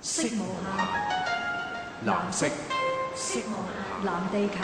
色無下藍色。色無限，藍地球。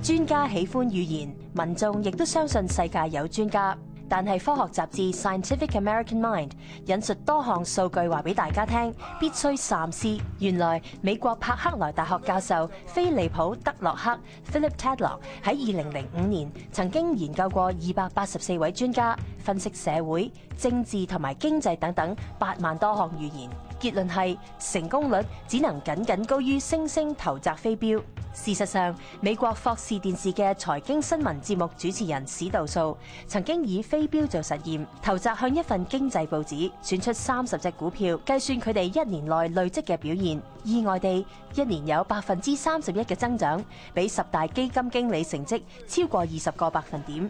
專家喜歡預言，民眾亦都相信世界有專家。但係科學雜誌 Scientific American Mind 引述多項數據話俾大家聽，必須三思。原來美國柏克萊大學教授菲利普德洛克 Philip Tedlock 喺二零零五年曾經研究過二百八十四位專家分析社會、政治同埋經濟等等八萬多項預言，結論係成功率只能僅僅高於星星投擲飛鏢。事實上，美國霍士電視嘅財經新聞節目主持人史道素曾經以飛鏢做實驗，投擲向一份經濟報紙，選出三十隻股票，計算佢哋一年內累積嘅表現。意外地，一年有百分之三十一嘅增長，比十大基金經理成績超過二十個百分點。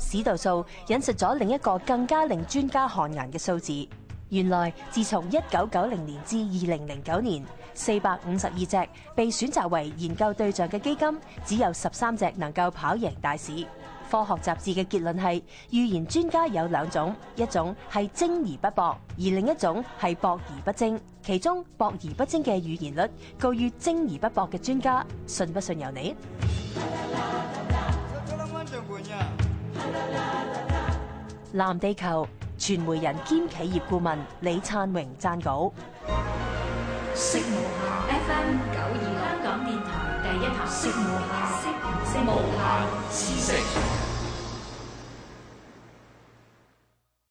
史道素引述咗另一個更加令專家汗顏嘅數字。原來自從一九九零年至二零零九年，四百五十二隻被選擇為研究對象嘅基金，只有十三隻能夠跑贏大市。科學雜誌嘅結論係，預言專家有兩種，一種係精而不博，而另一種係博而不精。其中博而不精嘅預言率高於精而不博嘅專家，信不信由你。藍地球。傳媒人兼企業顧問李燦榮撰稿。